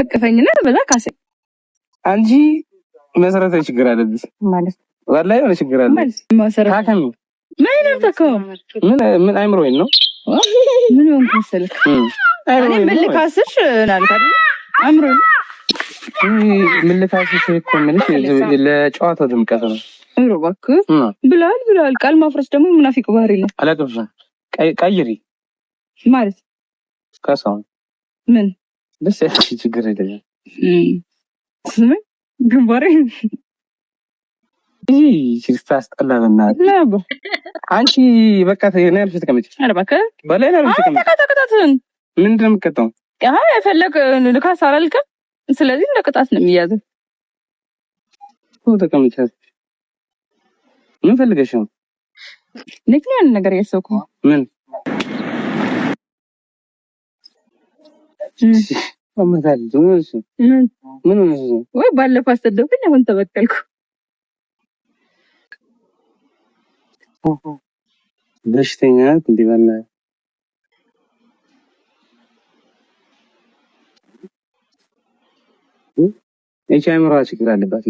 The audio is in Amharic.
አቅፈኝና በዛ ካሰኝ አንቺ መሰረታዊ ችግር አለብሽ ማለት ወላሂ የሆነ ችግር አለብሽ። ምን ምን አይምሮ ነው ምን ሆንኩ መሰለክ ለጨዋታ ድምቀት ነው ብለሃል ብለሃል። ቃል ማፍረስ ደግሞ ምናፊቅ ባህሪ ነው። አላቅም ቀይሪ ማለት ከሰው ምን ደስ ያለሽ ችግር አይደለም። ስም ግንባሬ ሲስታ አስጠላለና አንቺ በቃ እኔ አርፌ ተቀመጭ በላይ ምንድን ነው የምትቀጣው? የፈለግ ልካስ አላልክም። ስለዚህ እንደ ቅጣት ነው የሚያዘ ተቀመጫት ምን ፈልገሽ ነው? ነገር ያሰብኩ ምን ወይ ባለፈው አሰደብኩኝ፣ አሁን ተበቀልኩ። በሽተኛ እንዲበላ ኤች አይምሮ ችግር አለባት።